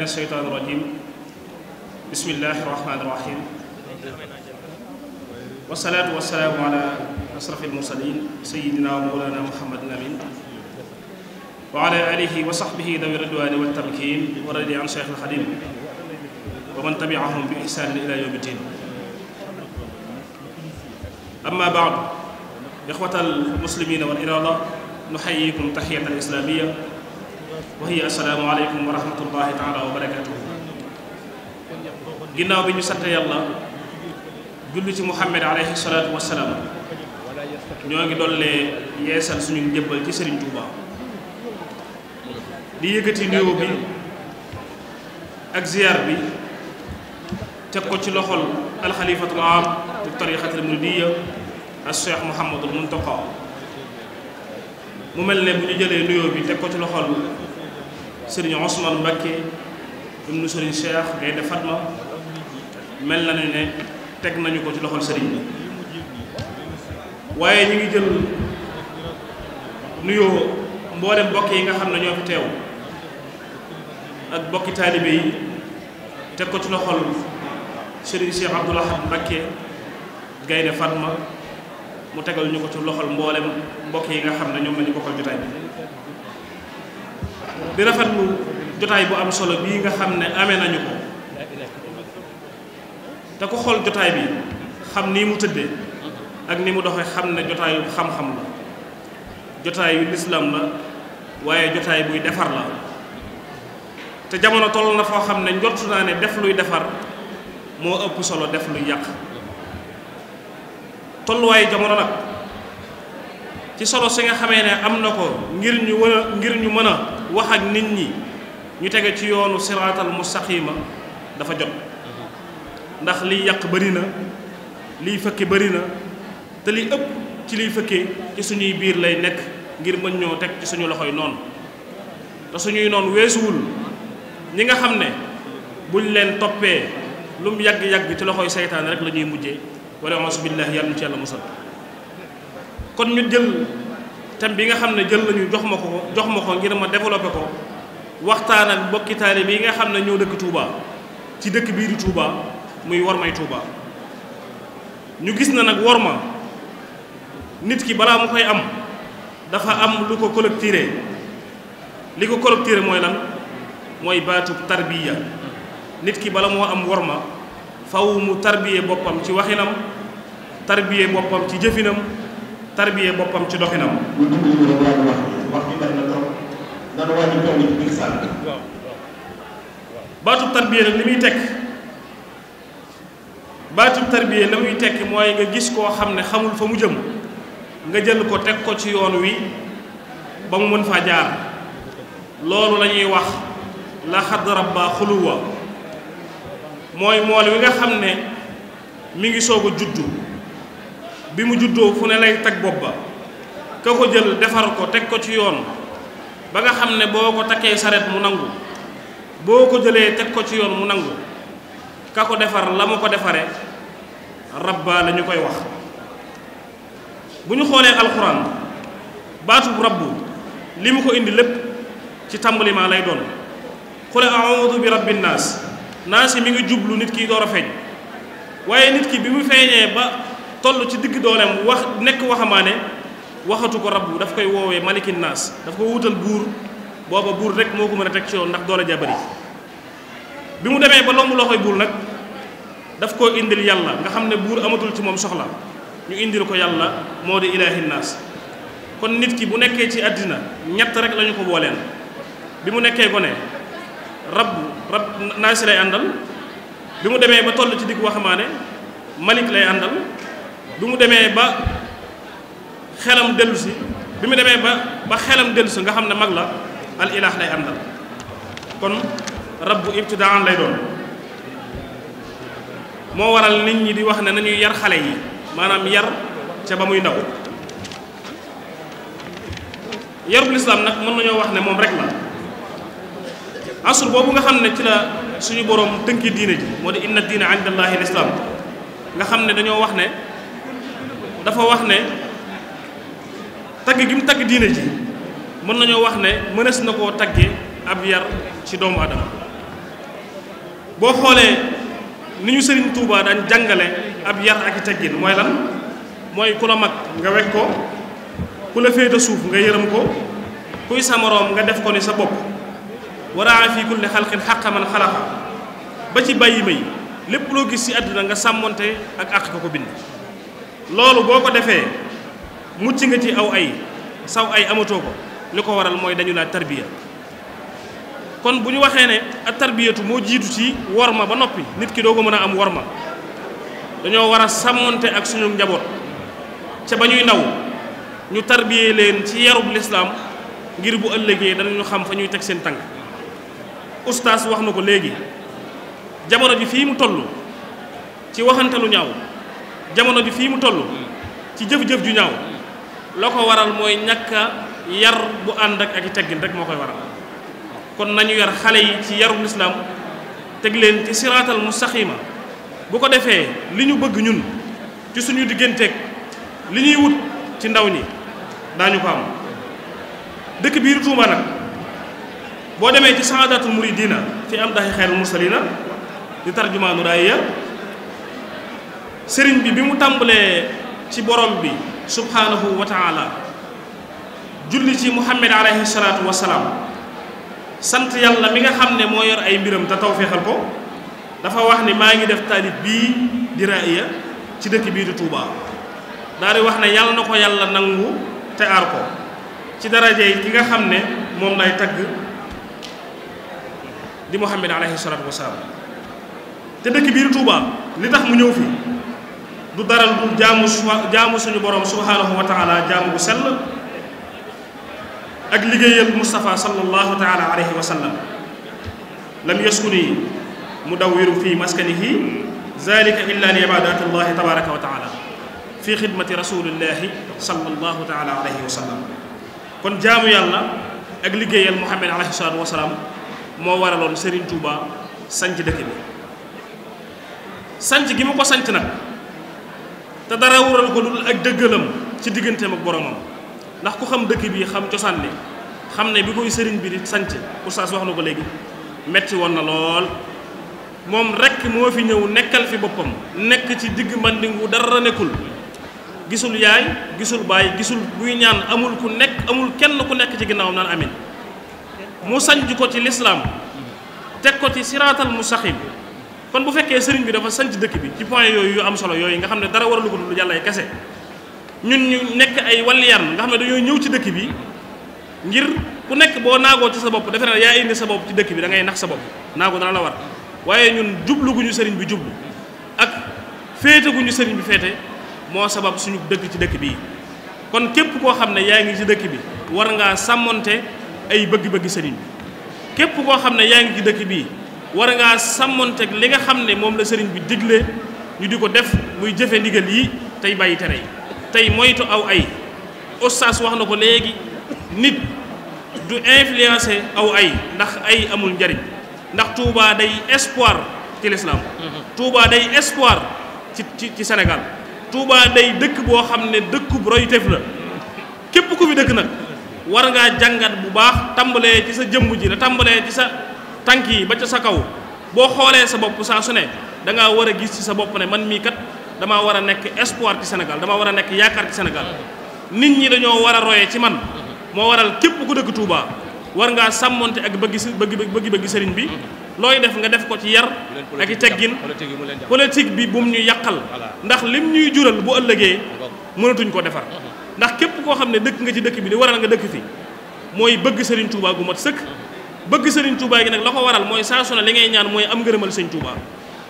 min alsheytaan irrajim bismillahi irrahmani irrahim wasalaatu wasalaamu ala asrafi almursalin sayidina wa mawlana muhammadin amin wa ala alihi wa sahbihi dawi ridwani wa tamkin wa radi an cheikh alxadim wa man tabiahum bi ihsanin ila yawmi din amma baadu ixwata almuslimina wal irada nuxayikum taxiyatan islamia wa hiya assalaamu aleykum wa rahmatullahi taala wa barakaatuhu ginnaaw bi ñu sant yàlla julli ci muhammad aleyhi salaatu wassalaam ñoo ngi dollee yeesal suñu njëbbal ci Serigne Touba di yëkkati néew bi ak ziyaar bi teg ko ci loxol alxalifatul aam di tariqatil muridiya ak cheikh Mouhamadul mu mel ne bu ñu jëlee nuyoo bi teg ko ci loxol sëriñ Ousmane Mbakke ibnu sëriñ Cheikh Gaynde Fatma mel na ne teg nañu ko ci loxol sëriñ bi waaye ñu ngi jël nuyoo mboolem mbokk yi nga xam ne ñoo fi teew ak mbokki taalibe yi teg ko ci loxol sëriñ Cheikh Abdoul Ahad Gaynde Fatma mu tegal ñu ko ci loxol mboolem mbokk yi nga xam ne ñoom la ñu bokkal jotaay bi rafet rafetlu jotaay bu am solo bii nga xam ne amee nañu ko te ku xool jotaay bi xam nii mu tëddee ak ni mu doxee xam ne jotaayu xam-xam la jotaayu lislaam la waaye jotaay buy defar la te jamono toll na foo xam ne njortu naa ne def luy defar moo ëpp solo def luy yàq tolluwaayu jamono nag ci solo si nga xamee ne am na ko ngir ñu wën ngir ñu mën a wax ak nit ñi ñu tege ci yoonu siraatal mustaqima dafa jot ndax liy yàq bëri na liy fëkke bëri na te li ëpp ci liy fëkkee ci suñuy biir lay nekk ngir mën ñoo teg ci suñu loxoy noonu te suñuy noonu weesuwul ñi nga xam ne buñ leen toppee lum mu yàgg-yàgg ci loxoy seytaane rek lañuy mujje mujjee wala ausu billah yàlla nu ci yàlla musal kon ñu jël tam bi nga xam ne jël nañu jox ma ko jox ma ko ngir ma développé ko waxtaan ak mbokki taalibe yi nga xam ne ñoo dëkk Touba ci dëkk bii di Touba muy may Touba. ñu gis na nag ma nit ki balaa mu koy am dafa am lu ko collecté li ko collecté mooy lan mooy baatu tarbiya nit ki bala moo am worma faw mu tarbiye boppam ci waxinam tarbiye boppam ci jëfinam. tarbiyee boppam ci doxinam. bu tudd ñu wax wax bi bari na trop nan wàññi yi baatub tarbiyee nag li muy tekk mooy nga gis koo xam ne xamul fa mu jëm nga jël ko teg ko ci yoon wi ba mu mën faa jaar loolu la ñuy wax la xadd rabba xuluwa mooy mool wi nga xam ne mi ngi soog a juddu. bi mu juddoo fu ne lay teg bopp ba ka ko jël defar ko teg ko ci yoon ba nga xam ne boo ko takkee saret mu nangu boo ko jëlee teg ko ci yoon mu nangu ka ko defar la mu ko defare rabba la ñu koy wax bu ñu xoolee alxuraan baatub rabbu li mu ko indi lépp ci tàmbali ma lay doon xule aoudu bi rabbin naas naas yi ngi jublu nit ki door a feeñ waaye nit ki bi mu feeñee ba toll ci digg dooleem wax nekk waxamaane waxatu ko rab rabbu daf koy woowee malikin naas daf ko wutal buur booba buur rek moo ko mën a teg ci yoon ndax doole jabari bi mu demee ba lomb loxoy buur nag daf koo indil yàlla nga xam ne buur amatul ci moom soxla ñu indil ko yàlla moo di ilaahi naas kon nit ki bu nekkee ci àddina ñett rek lañu ko wooleen bi mu nekkee gone rabbu rab naas lay àndal bi mu demee ba toll ci digg waxamaane malik lay àndal bi mu demee ba xelam dellu si bi mu demee ba ba xelam si nga xam ne mag la al ilaah lay àndal kon rab bu ibtidaan lay doon moo waral nit ñi di wax ne nañuy yar xale yi maanaam yar ca ba muy ndaw yarul islam nag mën nañoo wax ne moom rek la asur boobu nga xam ne ci la suñu boroom tënki diine ji moo de inna diina inda allahi l nga xam ne dañoo wax ne dafa wax ne tagg gi mu tagg diine ji mën nañoo wax ne mënees na koo tagge ab yar ci doomu adama boo xoolee ni ñu sëriñ Touba daan jàngale ab yar ak i teggin mooy lan mooy ku la mag nga weg ko ku la féete suuf nga yërëm ko kuy sa moroom nga def ko ne sa bopp waraa fi kulli xalqin xaqa man ba ci bàyyi may lépp loo gis ci àdduna nga sàmmoonte ak àq ko ko bind loolu boo ko defee mucc nga ci aw ay saw ay amatoo ko li ko waral mooy dañu laa tarbiya kon bu ñu waxee ne ak tarbiyatu moo jiitu ci worma ba noppi nit ki doo ko mën a am worma dañoo war a sàmmonte ak suñu njaboot ca ba ñuy ndaw ñu tarbiyee leen ci yarub lislaam ngir bu ëllëgee ñu xam fa ñuy teg seen tànk ustaas wax na ko léegi jamono ji fii mu tollu ci waxante lu ñaaw jamono ji fii mu toll hmm. ci jëf-jëf ju ñaaw hmm. loo ko waral mooy ñàkk yar bu ànd ak ak teggin rek moo koy waral kon nañu yar xale yi ci yarul islam teg leen ci siraatal mustaqiima bu ko defee li ñu bëgg ñun ci suñu digganteeg li ñuy wut ci ndaw ñi daañu ko am dëkk biir Tuuba nag boo demee ci saadatul muridina fi am daxi xeyrul mursalina di tarjumaanu raaya sëriñ bi bi mu tàmbalee ci borom bi subhaanahu wa taala julli ci muhammad alayhi salaatu wa salaam sant yàlla mi nga xam ne moo yor ay mbiram te tawféexal ko dafa wax ni maa ngi def taalib bii di raaya ci dëkk bii di Touba wax ne yàlla na ko yàlla nangu te aar ko ci daraje yi ki nga xam ne moom lay tagg di muhammad alayhi salaatu wa salaam te dëkk bii di li tax mu ñëw fi du daral dul jaamu jaamu suñu borom subhaanahu wa taala jaamu bu sell ak liggéeyal Moustapha sallallahu taala alayhi wa sallam lam yaskuni mu daw wiru fii maskanihi zalika illa li ibadatullahi tabaraka wa taala fi xidmati rasulillahi sallallahu taala alayhi wa sallam kon jaamu yàlla ak liggéeyal Muhammad alayhi salaatu wa salaam moo waraloon Serigne Touba sanc dëkk bi sanc gi mu ko sanc nag te dara waral ko dul ak dëggalam ci digganteem ak boromam ndax ku xam dëkk bi xam cosaan bi xam ne bi koy sëriñ bi di sanc oustaz wax na ko léegi metti woon na lool moom rekk moo fi ñëw nekkal fi boppam nekk ci digg mbandingu dara nekkul gisul yaay gisul baay gisul buy ñaan amul ku nekk amul kenn ku nekk ci ginnaaw naan amin mu sanj ko ci lislaam teg ko ci siraatal mustaqim kon bu fekkee sëriñ bi dafa sanc dëkk bi ci point yooyu yu am solo yooyu nga xam ne dara waralu ko lu yàlla kese ñun ñu nekk ay walliyaan nga xam ne dañoo ñëw ci dëkk bi ngir ku nekk boo naagoo ci sa bopp defe naa yaa indi sa bopp ci dëkk bi da nax sa bopp naago dana la war waaye ñun jublu gu ñu sëriñ bi jublu ak féete gu ñu sëriñ bi féete moo sabab suñu dëkk ci dëkk bii kon képp koo xam ne yaa ngi ci dëkk bi war ngaa sàmmoonte ay bëgg-bëgg sëriñ képp koo xam ne yaa ngi ci dëkk bii war ngaa sàmmonteeg li nga xam ne moom la sëriñ bi digle ñu di ko def muy jëfe ndigal yi tey bàyyi tere yi tey moytu aw ay ostaas wax na ko léegi nit du influencer aw ay ndax ay amul njariñ ndax Touba day espoir ci l'islam mhm. Touba day espoir ci ci ci Sénégal Touba day dëkk boo xam ne dëkkub royteef la képp ku fi dëkk nag war ngaa jàngat bu baax tàmbalee ci sa jëmm ji ne tàmbalee ci sa tànk yi ba ca sa kaw boo xoolee sa bopp saa su ne da ngaa war a gis ci sa bopp ne man mii kat damaa war a nekk espoir ci Sénégal damaa war a nekk yaakaar ci senegal nit ñi dañoo war a royee ci man moo waral képp ku dëkk tuuba war ngaa sàmmonte ak bëgg bëgg bëgg bëgg sëriñ bi looy def nga def ko ci yar ak i teggin politique bi bu mu ñu yàqal ndax lim ñuy jural bu ëllëgee mënatuñ ko defar ndax képp koo xam ne dëkk nga ci dëkk bi li waral nga dëkk fi mooy bëgg sëriñ Touba gu mat sëkk bëgg sëriñ Touba gi nag la ko waral mooy saa su ne li ngay ñaan mooy am ngërëmal sëñ Touba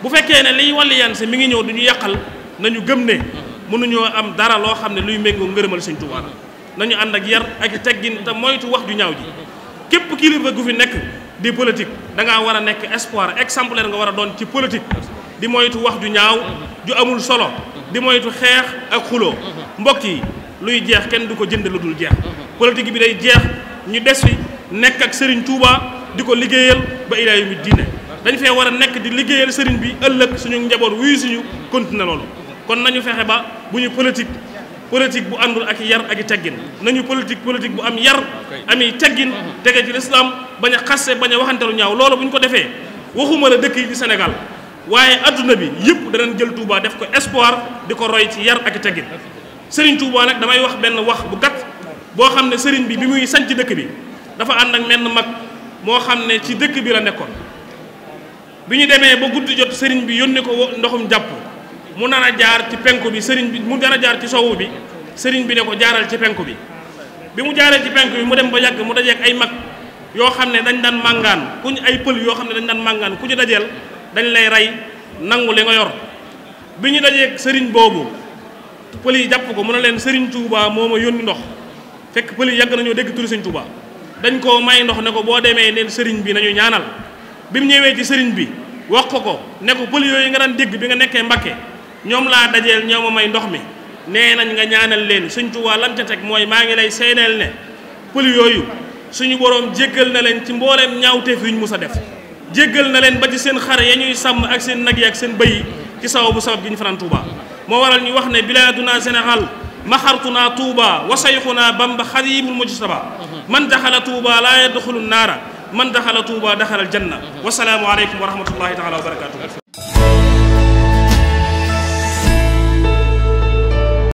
bu fekkee ne liy wàlli yan si mi ngi ñëw du ñu yàqal nañu gëm ne mënuñoo am dara loo xam ne luy méngoo ngërëmal sëñ Touba na ñu ànd ak yar ak teggin te moytu wax ju ñaaw ji képp kilifa gu fi nekk di politique da war a nekk espoir exemplaire nga war a doon ci politique di moytu wax ju ñaaw ju amul solo di moytu xeex ak xuloo mbokk yi luy jeex kenn du ko jënd lu dul jeex politique nekk ak Serigne Touba di ko liggéeyal ba ilaa yawmi diine dañ fee war a nekk di liggéeyal Serigne bi ëllëg suñu njaboot wuyu suñu kontine loolu. kon nañu fexe ba bu ñu politique politique bu àndul ak yar ak i teggin nañu politique politique bu am yar ami teggin tege ci lislaam bañ a xasse bañ a waxanteelu ñaaw loolu bu ñu ko defee waxuma la dëkk yi di Sénégal. waaye àdduna bi yëpp danañ jël tuubaa def ko espoir di ko roy ci yar ak teggin Serigne Touba nag damay wax benn wax bu gàtt boo xam ne Serigne bi bi muy sanc dëkk bi dafa ànd ak menn mag moo xam ne ci dëkk bi la nekkoon bi ñu demee ba guddi jot sëriñ bi yónni ko ndoxum jàpp mu nar a jaar ci penku bi sëriñ bi mu nar a jaar ci sowu bi sëriñ bi ne ko jaaral ci penku bi bi mu jaaree ci penku bi mu dem ba yàgg mu dajeek ay mag yoo xam ne dañ daan màngaan ku ay pël yoo xam ne dañ daan màngaan ku ñu dajeel dañ lay rey nangu li nga yor bi ñu dajeek sëriñ boobu pël yi jàpp ko mu ne leen sëriñ Touba moo ma yónni ndox fekk yàgg nañoo dégg turi sëriñ Touba dañ koo may ndox ne ko boo demee neen sëriñ bi nañu ñaanal bi mu ñëwee ci sëriñ bi wax ko ko ne ko pël yooyu nga daan dégg bi nga nekkee Mbakke ñoom laa dajeel ñoo ma may ndox mi nee nañ nga ñaanal leen Sëriñ Tuubaa lam ca teg mooy maa ngi lay seyneel ne pël yooyu suñu boroom jéggal na leen ci mbooleem ñaawteef ñu mus a def jéggal na leen ba ci seen xar ya ñuy sàmm ak seen nag yi ak seen bëy yi ci sababu sabab gi ñu fanaan Tuubaa moo waral ñu wax ne bilaaduna Sénégal maxartunaa tuuba wa sayxunaa bamba xadimul mujtaba man daxala tuuba laa yadxulu naara man daxala tuuba daxala aljanna wasalaamu aleykum wa rahmatullahi taala wa barakatuh